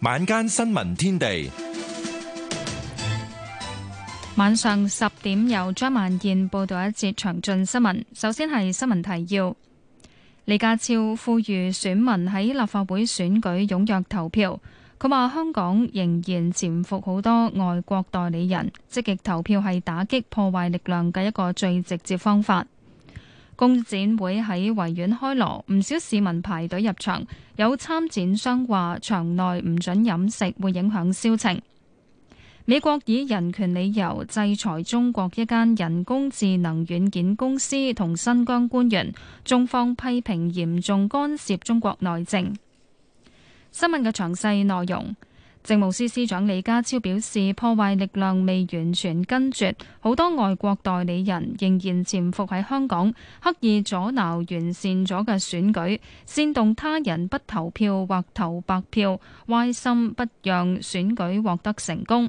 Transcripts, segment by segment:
晚間新聞天地，晚上十點由張萬燕報道一節詳盡新聞。首先係新聞提要，李家超呼籲選民喺立法會選舉踴躍投票。佢話香港仍然潛伏好多外國代理人，積極投票係打擊破壞力量嘅一個最直接方法。工展會喺維園開鑼，唔少市民排隊入場。有參展商話，場內唔准飲食會影響銷情。美國以人權理由制裁中國一間人工智能軟件公司同新疆官員，中方批評嚴重干涉中國內政。新聞嘅詳細內容。政務司司長李家超表示，破壞力量未完全根絕，好多外國代理人仍然潛伏喺香港，刻意阻撓完善咗嘅選舉，煽動他人不投票或投白票，歪心不讓選舉獲得成功。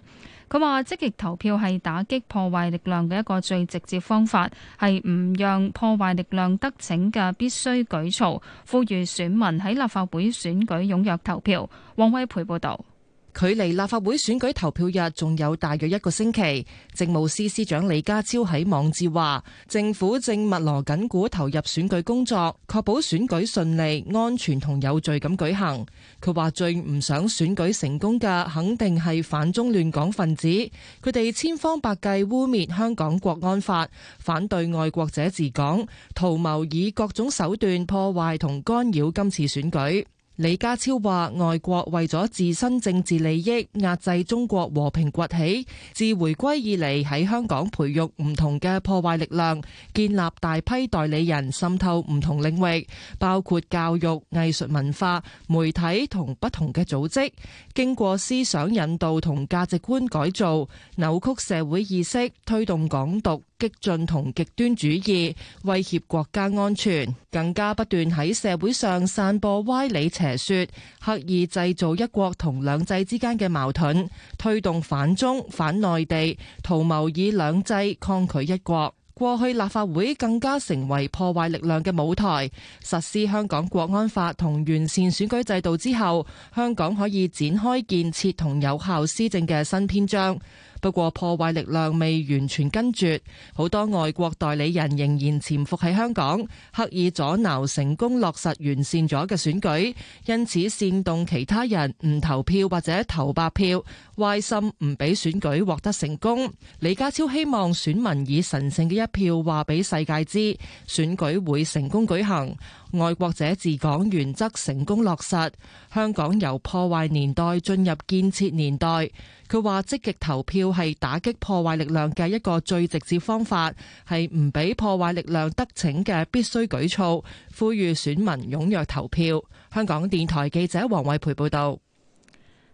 佢話積極投票係打擊破壞力量嘅一個最直接方法，係唔讓破壞力量得逞嘅必須舉措，呼籲選民喺立法會選舉踴躍投票。王威培報道。距離立法會選舉投票日仲有大約一個星期，政務司司長李家超喺網誌話，政府正密鑼緊鼓投入選舉工作，確保選舉順利、安全同有序咁舉行。佢話最唔想選舉成功嘅，肯定係反中亂港分子，佢哋千方百計污蔑香港國安法，反對愛國者治港，圖謀以各種手段破壞同干擾今次選舉。李家超話，外國為咗自身政治利益壓制中國和平崛起，自回歸以嚟喺香港培育唔同嘅破壞力量，建立大批代理人滲透唔同領域，包括教育、藝術文化、媒體同不同嘅組織，經過思想引導同價值觀改造，扭曲社會意識，推動港獨。激進同極端主義威脅國家安全，更加不斷喺社會上散播歪理邪說，刻意製造一國同兩制之間嘅矛盾，推動反中、反內地，圖謀以兩制抗拒一國。過去立法會更加成為破壞力量嘅舞台。實施香港國安法同完善選舉制度之後，香港可以展開建設同有效施政嘅新篇章。不過破壞力量未完全根絕，好多外國代理人仍然潛伏喺香港，刻意阻撓成功落實完善咗嘅選舉，因此煽動其他人唔投票或者投白票，壞心唔俾選舉獲得成功。李家超希望選民以神聖嘅一票話俾世界知，選舉會成功舉行，愛國者治港原則成功落實，香港由破壞年代進入建設年代。佢話：積極投票係打擊破壞力量嘅一個最直接方法，係唔俾破壞力量得逞嘅必須舉措，呼籲選民踴躍投票。香港電台記者黃惠培報導。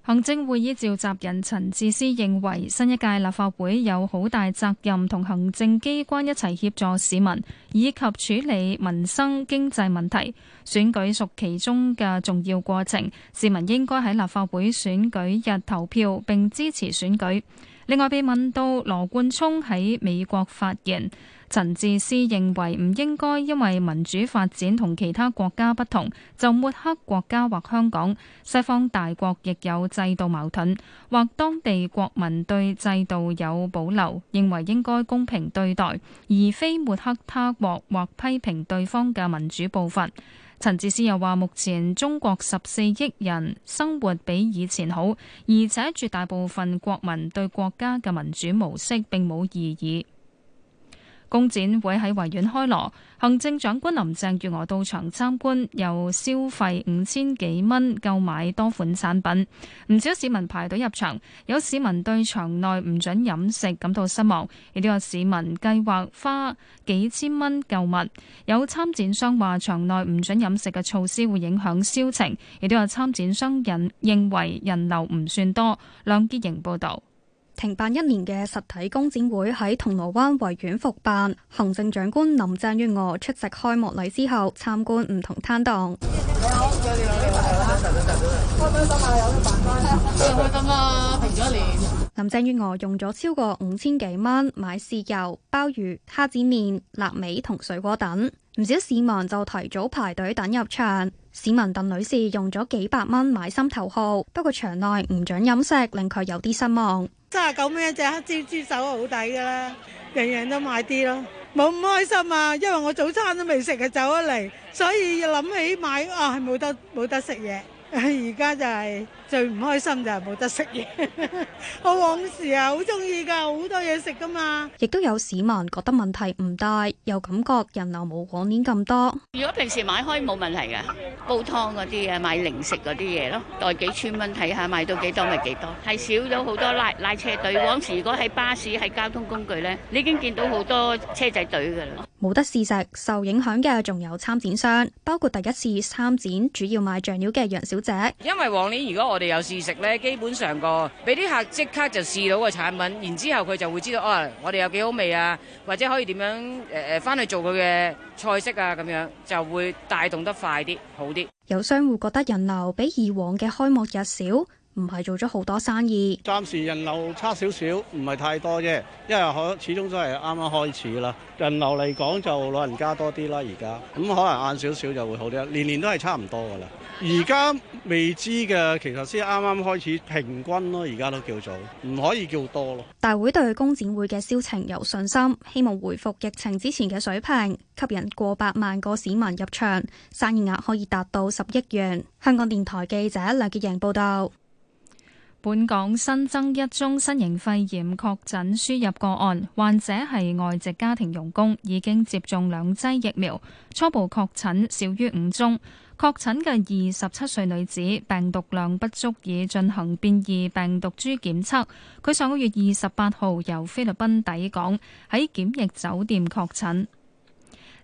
行政會議召集人陳智思認為，新一屆立法會有好大責任，同行政機關一齊協助市民，以及處理民生經濟問題。選舉屬其中嘅重要過程，市民應該喺立法會選舉日投票並支持選舉。另外，被問到羅冠聰喺美國發言。陳智思認為唔應該因為民主發展同其他國家不同就抹黑國家或香港。西方大國亦有制度矛盾，或當地國民對制度有保留，認為應該公平對待，而非抹黑他國或批評對方嘅民主部分。陳智思又話：目前中國十四億人生活比以前好，而且絕大部分國民對國家嘅民主模式並冇異議。工展會喺維園開鑼，行政長官林鄭月娥到場參觀，又消費五千幾蚊購買多款產品。唔少市民排隊入場，有市民對場內唔準飲食感到失望。亦都有市民計劃花幾千蚊購物。有參展商話場內唔準飲食嘅措施會影響銷情，亦都有參展商人認為人流唔算多。梁潔瑩報道。停辦一年嘅實體工展會喺銅鑼灣維園復辦，行政長官林鄭月娥出席開幕禮之後參觀唔同攤檔。你好，唔該你有你問題啦。開唔開心啊？有得辦啦，真係開心啦，停咗一年。林鄭月娥用咗超過五千幾蚊買豉油、鮑魚、蝦子麵、臘味同水果等，唔少市民就提早排隊等入場。市民鄧女士用咗幾百蚊買心頭好，不過場內唔准飲食，令佢有啲失望。七十九蚊一隻黑椒豬手好抵㗎啦，樣樣都買啲咯，冇咁開心啊，因為我早餐都未食就走咗嚟，所以要諗起買啊係冇得冇得食嘢。而家就係最唔開心就係冇得食嘢。我往時啊，好鍾意㗎，好多嘢食㗎嘛。亦都有市民覺得問題唔大，又感覺人流冇往年咁多。如果平時買開冇問題嘅，煲湯嗰啲嘢，買零食嗰啲嘢咯。代幾千蚊睇下買到幾多咪幾多。係少咗好多拉拉車隊。往時如果喺巴士喺交通工具咧，你已經見到好多車仔隊㗎啦。冇得試食，受影響嘅仲有參展商，包括第一次參展主要賣醬料嘅楊小姐。因為往年如果我哋有試食呢，基本上個俾啲客即刻就試到個產品，然之後佢就會知道哦，我哋有幾好味啊，或者可以點樣誒誒翻去做佢嘅菜式啊，咁樣就會帶動得快啲好啲。有商戶覺得人流比以往嘅開幕日少。唔係做咗好多生意，暫時人流差少少，唔係太多啫。因為可始終都係啱啱開始啦。人流嚟講就老人家多啲啦。而家咁可能晏少少就會好啲啦。年年都係差唔多噶啦。而家未知嘅其實先啱啱開始，平均咯，而家都叫做唔可以叫多咯。大會對工展會嘅銷情有信心，希望回復疫情之前嘅水平，吸引過百萬個市民入場，生意額可以達到十億元。香港電台記者梁潔瑩報導。本港新增一宗新型肺炎確診輸入個案，患者係外籍家庭傭工，已經接種兩劑疫苗，初步確診少於五宗。確診嘅二十七歲女子病毒量不足以進行變異病毒株檢測，佢上個月二十八號由菲律賓抵港，喺檢疫酒店確診。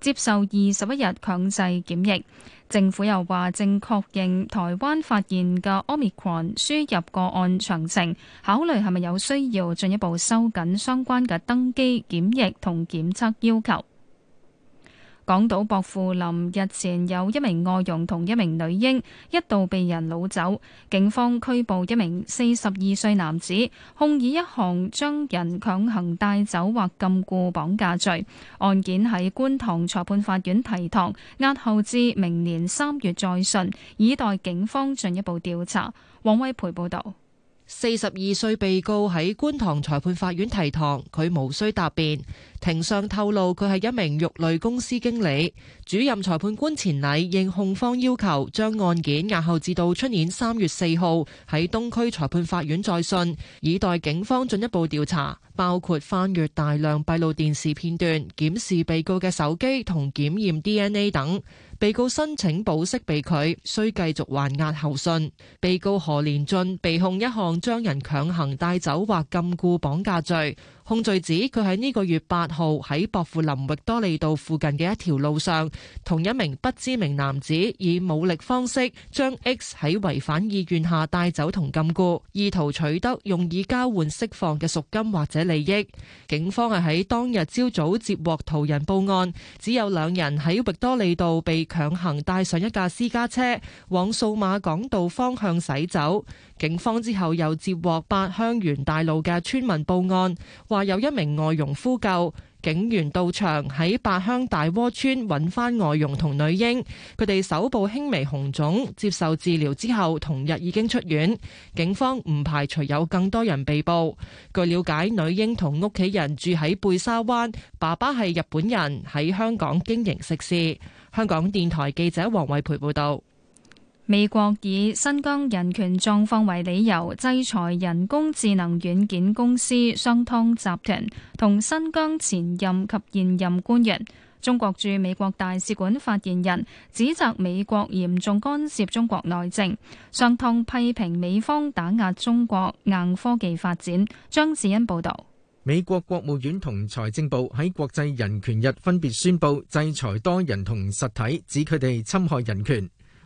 接受二十一日強制檢疫，政府又話正確認台灣發現嘅 omicron 輸入個案詳情，考慮係咪有需要進一步收緊相關嘅登機檢疫同檢測要求。港島薄扶林日前有一名外傭同一名女嬰一度被人擄走，警方拘捕一名四十二歲男子，控以一項將人強行帶走或禁錮綁架罪。案件喺觀塘裁判法院提堂，押後至明年三月再訊，以待警方進一步調查。黃威培報道。四十二歲被告喺觀塘裁判法院提堂，佢無需答辯。庭上透露佢係一名肉類公司經理。主任裁判官前禮應控方要求，將案件押後至到出年三月四號喺東區裁判法院再訊，以待警方進一步調查，包括翻閱大量閉路電視片段、檢視被告嘅手機同檢驗 DNA 等。被告申請保釋被拒，需繼續還押候訊。被告何連俊被控一項將人強行帶走或禁錮、綁架罪。控罪指佢喺呢個月八號喺薄扶林域多利道附近嘅一條路上，同一名不知名男子以武力方式將 X 喺違反意願下帶走同禁錮，意圖取得用以交換釋放嘅贖金或者利益。警方係喺當日朝早接獲途人報案，只有兩人喺域多利道被強行帶上一架私家車，往數碼港道方向駛走。警方之後又接獲八鄉元大路嘅村民報案，話有一名外傭呼救，警員到場喺八鄉大窩村揾翻外傭同女嬰，佢哋手部輕微紅腫，接受治療之後同日已經出院。警方唔排除有更多人被捕。據了解，女嬰同屋企人住喺貝沙灣，爸爸係日本人喺香港經營食肆。香港電台記者黃偉培報道。美國以新疆人權狀況為理由制裁人工智能軟件公司商湯集團同新疆前任及現任官員。中國駐美國大使館發言人指責美國嚴重干涉中國內政。商湯批評美方打壓中國硬科技發展。張子恩報導，美國國務院同財政部喺國際人權日分別宣布制裁多人同實體，指佢哋侵害人權。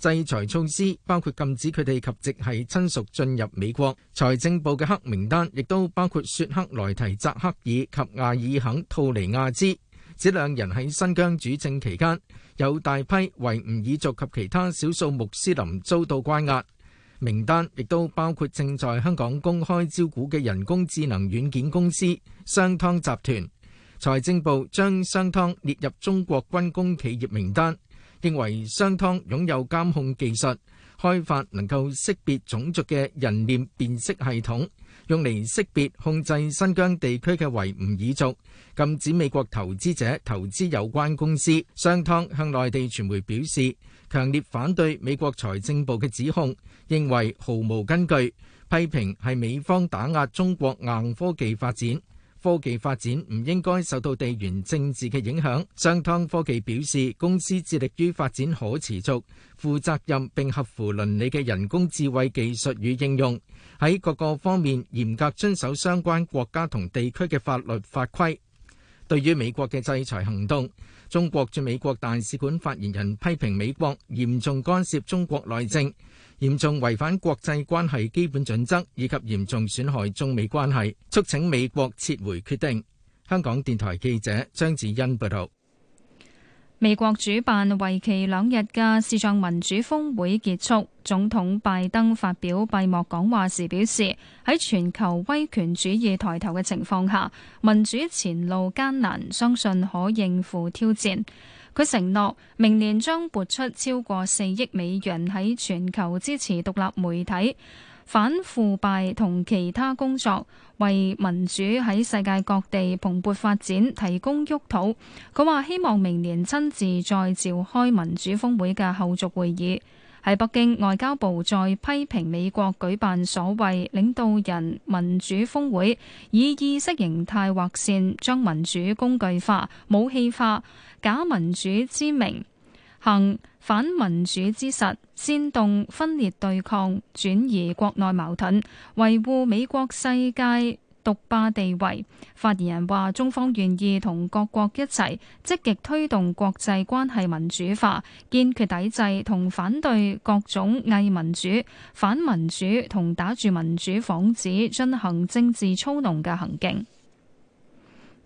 制裁措施包括禁止佢哋及直系親屬進入美國，財政部嘅黑名單亦都包括雪克萊提扎克爾及阿爾肯吐尼亞茲，指兩人喺新疆主政期間有大批維吾爾族及其他少數穆斯林遭到關押。名單亦都包括正在香港公開招股嘅人工智能軟件公司商湯集團，財政部將商湯列入中國軍工企業名單。認為商湯擁有監控技術，開發能夠識別種族嘅人臉辨識系統，用嚟識別控制新疆地區嘅維吾爾族，禁止美國投資者投資有關公司。商湯向內地傳媒表示，強烈反對美國財政部嘅指控，認為毫無根據，批評係美方打壓中國硬科技發展。科技發展唔應該受到地緣政治嘅影響。商湯科技表示，公司致力於發展可持續、負責任並合乎倫理嘅人工智慧技術與應用，喺各個方面嚴格遵守相關國家同地區嘅法律法規。對於美國嘅制裁行動，中國駐美國大使館發言人批評美國嚴重干涉中國內政，嚴重違反國際關係基本準則，以及嚴重損害中美關係，促請美國撤回決定。香港電台記者張子欣報道。美國主辦、為期兩日嘅視像民主峰會結束，總統拜登發表閉幕講話時表示，喺全球威權主義抬頭嘅情況下，民主前路艱難，相信可應付挑戰。佢承諾明年將撥出超過四億美元喺全球支持獨立媒體、反腐敗同其他工作。為民主喺世界各地蓬勃發展提供沃土。佢話希望明年親自再召開民主峰會嘅後續會議。喺北京外交部再批評美國舉辦所謂領導人民主峰會，以意識形態劃線，將民主工具化、武器化，假民主之名行，反民主之實，煽動分裂對抗，轉移國內矛盾，維護美國世界獨霸地位。發言人話，中方願意同各國一齊積極推動國際關係民主化，堅決抵制同反對各種偽民主、反民主同打住民主幌子進行政治操弄嘅行徑。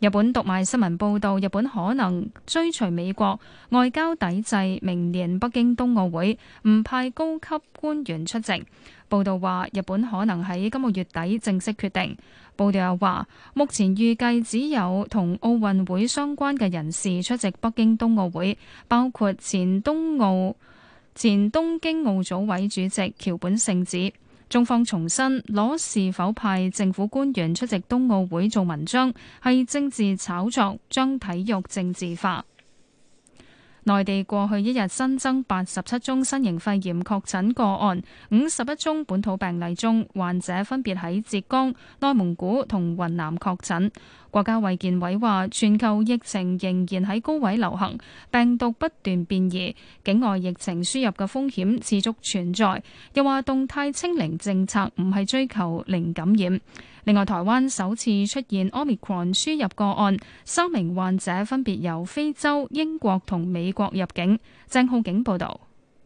日本讀賣新聞報道，日本可能追隨美國外交抵制明年北京冬奧會，唔派高級官員出席。報道話，日本可能喺今個月底正式決定。報道又話，目前預計只有同奧運會相關嘅人士出席北京冬奧會，包括前東奧前東京奧組委主席橋本聖子。中方重申，攞是否派政府官員出席冬奧會做文章，係政治炒作，將體育政治化。內地過去一日新增八十七宗新型肺炎確診個案，五十一宗本土病例中，患者分別喺浙江、內蒙古同雲南確診。國家衛健委話，全球疫情仍然喺高位流行，病毒不斷變異，境外疫情輸入嘅風險持續存在。又話動態清零政策唔係追求零感染。另外，台灣首次出現 Omicron 輸入個案，三名患者分別由非洲、英國同美國入境。鄭浩景報道。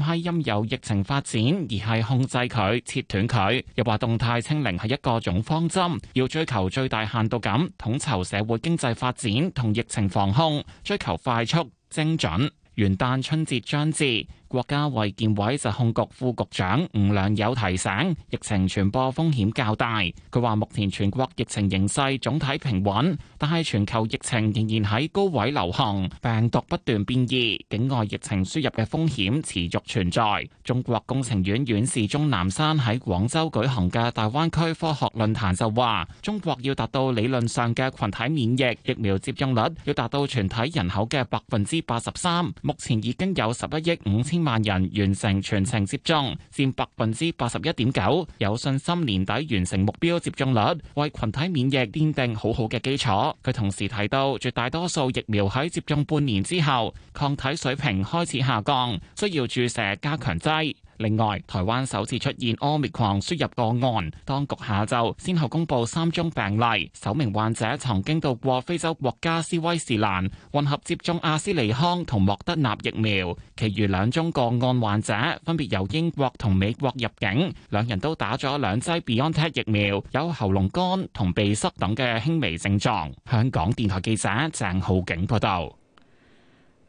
唔係因有疫情發展，而係控制佢，切斷佢。又話動態清零係一個總方針，要追求最大限度咁統籌社會經濟發展同疫情防控，追求快速精準。元旦春節將至。國家衛健委疾控局副局長吳良有提醒，疫情傳播風險較大。佢話目前全國疫情形勢總體平穩，但係全球疫情仍然喺高位流行，病毒不斷變異，境外疫情輸入嘅風險持續存在。中國工程院院士鍾南山喺廣州舉行嘅大灣區科學論壇就話，中國要達到理論上嘅群體免疫，疫苗接種率要達到全體人口嘅百分之八十三。目前已經有十一億五千萬人完成全程接種，佔百分之八十一點九，有信心年底完成目標接種率，為群體免疫奠定定好好嘅基礎。佢同時提到，絕大多數疫苗喺接種半年之後，抗體水平開始下降，需要注射加強劑。另外，台灣首次出現 Omicron 輸入個案，當局下晝先後公布三宗病例，首名患者曾經到過非洲國家斯威士蘭，混合接種阿斯利康同莫德納疫苗，其餘兩宗個案患者分別由英國同美國入境，兩人都打咗兩劑 BioNTech 疫苗，有喉嚨乾同鼻塞等嘅輕微症狀。香港電台記者鄭浩景報道。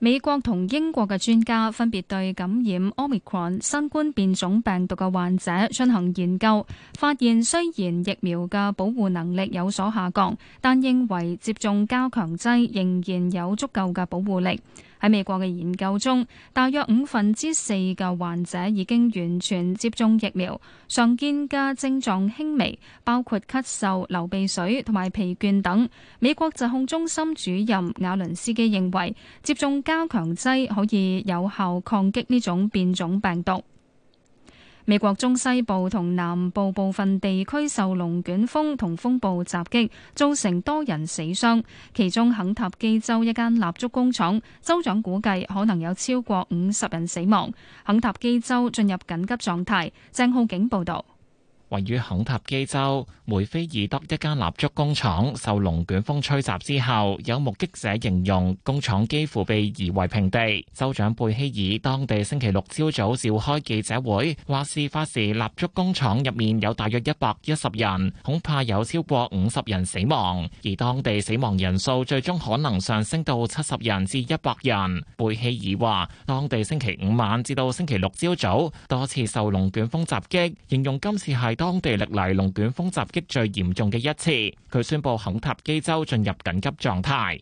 美國同英國嘅專家分別對感染 Omicron 新冠變種病毒嘅患者進行研究，發現雖然疫苗嘅保護能力有所下降，但認為接種加強劑仍然有足夠嘅保護力。喺美國嘅研究中，大約五分之四嘅患者已經完全接種疫苗，常見嘅症狀輕微，包括咳嗽、流鼻水同埋疲倦等。美國疾控中心主任瓦倫斯基認為，接種加強劑可以有效抗擊呢種變種病毒。美國中西部同南部部分地區受龍捲風同風暴襲擊，造成多人死傷。其中肯塔基州一間蠟燭工廠，州長估計可能有超過五十人死亡。肯塔基州進入緊急狀態。鄭浩景報道。位於肯塔基州梅菲爾德一間蠟燭工廠受龍捲風吹襲之後，有目擊者形容工廠幾乎被夷為平地。州長貝希爾當地星期六朝早召開記者會，話事發時蠟燭工廠入面有大約一百一十人，恐怕有超過五十人死亡，而當地死亡人數最終可能上升到七十人至一百人。貝希爾話：當地星期五晚至到星期六朝早多次受龍捲風襲擊，形容今次係當地歷嚟龍捲風襲擊最嚴重嘅一次，佢宣布肯塔基州進入緊急狀態。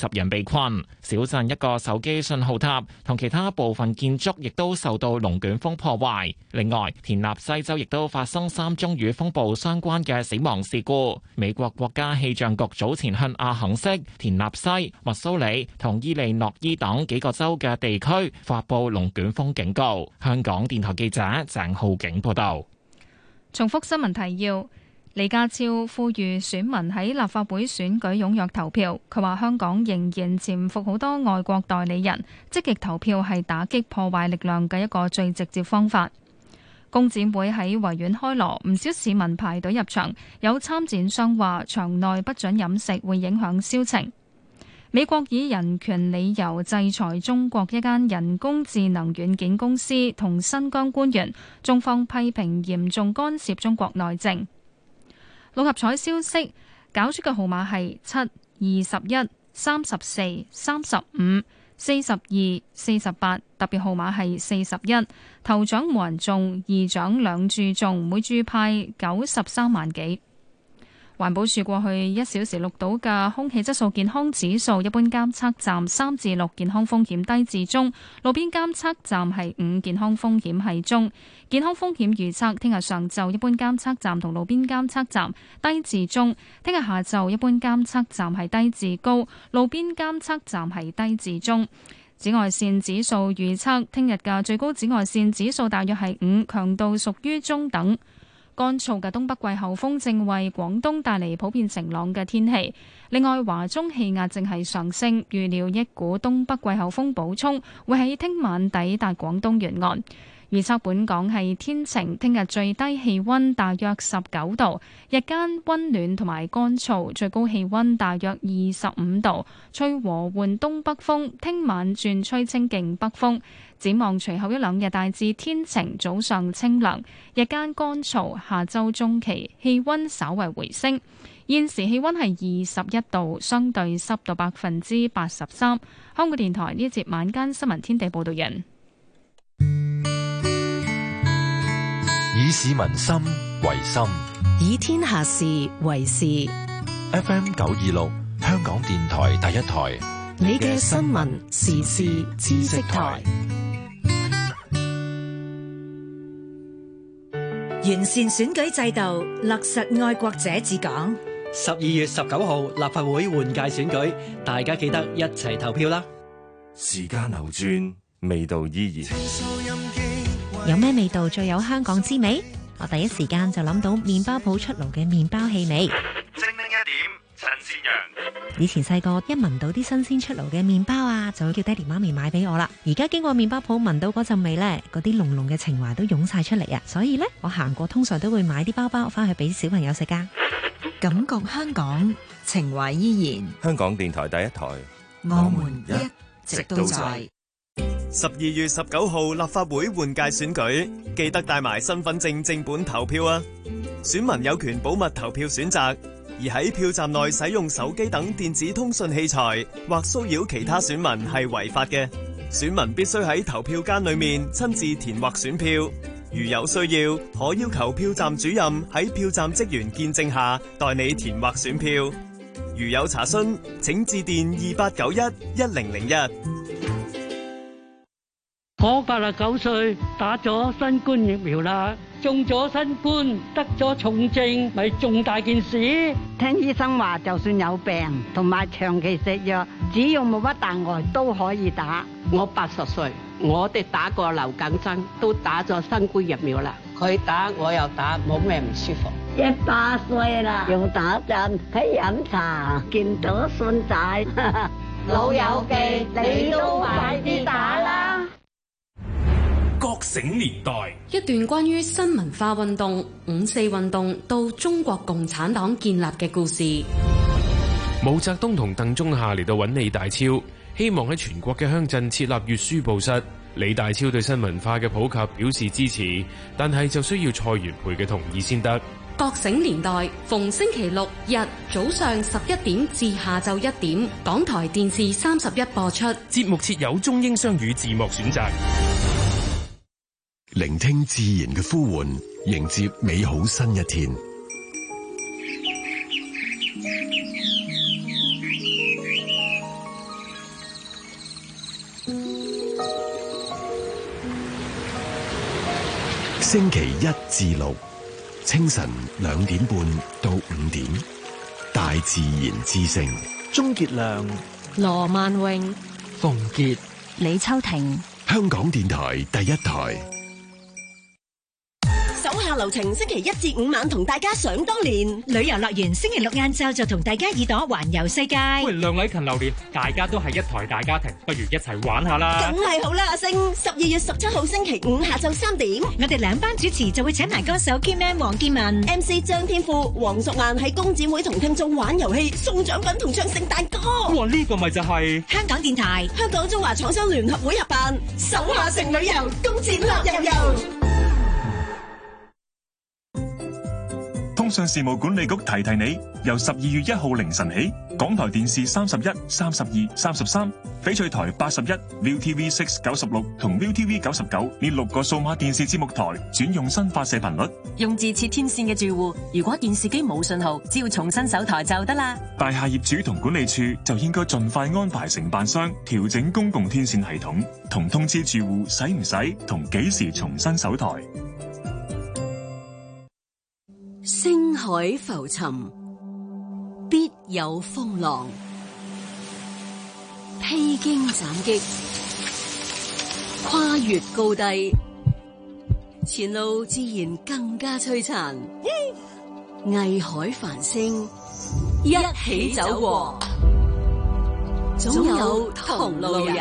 十人被困，小鎮一個手機信號塔同其他部分建築亦都受到龍捲風破壞。另外，田納西州亦都發生三宗與風暴相關嘅死亡事故。美國國家氣象局早前向阿肯色、田納西、密蘇里同伊利諾伊等幾個州嘅地區發佈龍捲風警告。香港電台記者鄭浩景報道。重複新聞提要。李家超呼籲選民喺立法會選舉踴躍投票。佢話香港仍然潛伏好多外國代理人，積極投票係打擊破壞力量嘅一個最直接方法。工展會喺維園開鑼，唔少市民排隊入場。有參展商話，場內不准飲食會影響銷情。美國以人權理由制裁中國一間人工智能軟件公司同新疆官員，中方批評嚴重干涉中國內政。六合彩消息，搞出嘅號碼係七、二十一、三十四、三十五、四十二、四十八，特別號碼係四十一。頭獎冇人中，二獎兩注中，每注派九十三萬幾。環保署過去一小時錄到嘅空氣質素健康指數，一般監測站三至六，健康風險低至中，路邊監測站係五，健康風險係中。健康風險預測，聽日上晝一般監測站同路邊監測站低至中，聽日下晝一般監測站係低至高，路邊監測站係低至中。紫外線指數預測，聽日嘅最高紫外線指數大約係五，強度屬於中等。乾燥嘅東北季候風正為廣東帶嚟普遍晴朗嘅天氣。另外，華中氣壓正係上升，預料一股東北季候風補充會喺聽晚抵達廣東沿岸。預測本港係天晴，聽日最低氣温大約十九度，日間温暖同埋乾燥，最高氣温大約二十五度，吹和緩東北風，聽晚轉吹清勁北風。展望隨後一兩日大致天晴，早上清涼，日間乾燥，下周中期氣溫稍為回升。現時氣溫係二十一度，相對濕度百分之八十三。香港電台呢一節晚間新聞天地報道人，以市民心為心，以天下事為事。F. M. 九二六，香港電台第一台，你嘅新聞時事知識台。完善選舉制度，落實愛國者治港。十二月十九號立法會換屆選舉，大家記得一齊投票啦！時間流轉，味道依然。有咩味道最有香港之味？我第一時間就諗到麵包鋪出爐嘅麵包氣味。以前細個一聞到啲新鮮出爐嘅麵包啊，就會叫爹哋媽咪買俾我啦。而家經過麵包鋪聞到嗰陣味呢，嗰啲濃濃嘅情懷都湧晒出嚟啊！所以呢，我行過通常都會買啲包包翻去俾小朋友食噶。感覺香港情懷依然。香港電台第一台，我們一,一,一直都在。十二月十九號立法會換屆選舉，記得帶埋身份證正本投票啊！選民有權保密投票選擇。而喺票站內使用手機等電子通訊器材或騷擾其他選民係違法嘅。選民必須喺投票間裏面親自填劃選票，如有需要可要求票站主任喺票站職員見證下代你填劃選票。如有查詢，請致電二八九一一零零一。我八十九歲，打咗新冠疫苗啦，中咗新冠，得咗重症，咪重大件事。聽醫生話，就算有病同埋長期食藥，只要冇乜大礙都可以打。我八十歲，我哋打過流感針，都打咗新冠疫苗啦。佢打我又打，冇咩唔舒服。一百歲啦，用打針，去飲茶，見到信仔。老友記，你都快啲打啦！覺醒年代，一段關於新文化運動、五四運動到中國共產黨建立嘅故事。毛澤東同鄧中夏嚟到揾李大釗，希望喺全國嘅鄉鎮設立閱書報室。李大釗對新文化嘅普及表示支持，但係就需要蔡元培嘅同意先得。覺醒年代逢星期六日早上十一點至下晝一點，港台電視三十一播出。節目設有中英雙語字幕選擇。聆聽自然嘅呼喚，迎接美好新一天。 星期一至六，清晨兩點半到五點，大自然之聲。鍾潔亮、羅萬詠、鳳杰、李秋婷，香港電台第一台。下流程星期一至五晚同大家想當年，旅遊樂園星期六晏晝就同大家耳朵環遊世界。喂，梁偉勤留念，大家都係一台大家庭，不如一齊玩下啦。梗係好啦，阿星，十二月十七號星期五下晝三點，我哋兩班主持就會請埋歌手 K-Man 黃建文、M.C. 張天賦、黃淑晏喺公展會同聽眾玩遊戲、送獎品同唱聖誕歌。哇，呢個咪就係香港電台、香港中華廠商聯合會合辦，手下城旅遊公展樂遊遊。上事務管理局提提你，由十二月一號凌晨起，港台電視三十一、三十二、三十三，翡翠台八十一、ViuTV Six 九十六同 ViuTV 九十九呢六個數碼電視節目台轉用新發射頻率。用自設天線嘅住戶，如果電視機冇信號，只要重新搜台就得啦。大廈業主同管理處就應該盡快安排承辦商調整公共天線系統，同通知住戶使唔使同幾時重新搜台。星海浮沉，必有風浪；披荊斬棘，跨越高低，前路自然更加璀璨。藝海繁星，一起走過，總有同路人。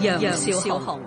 楊少，少雄。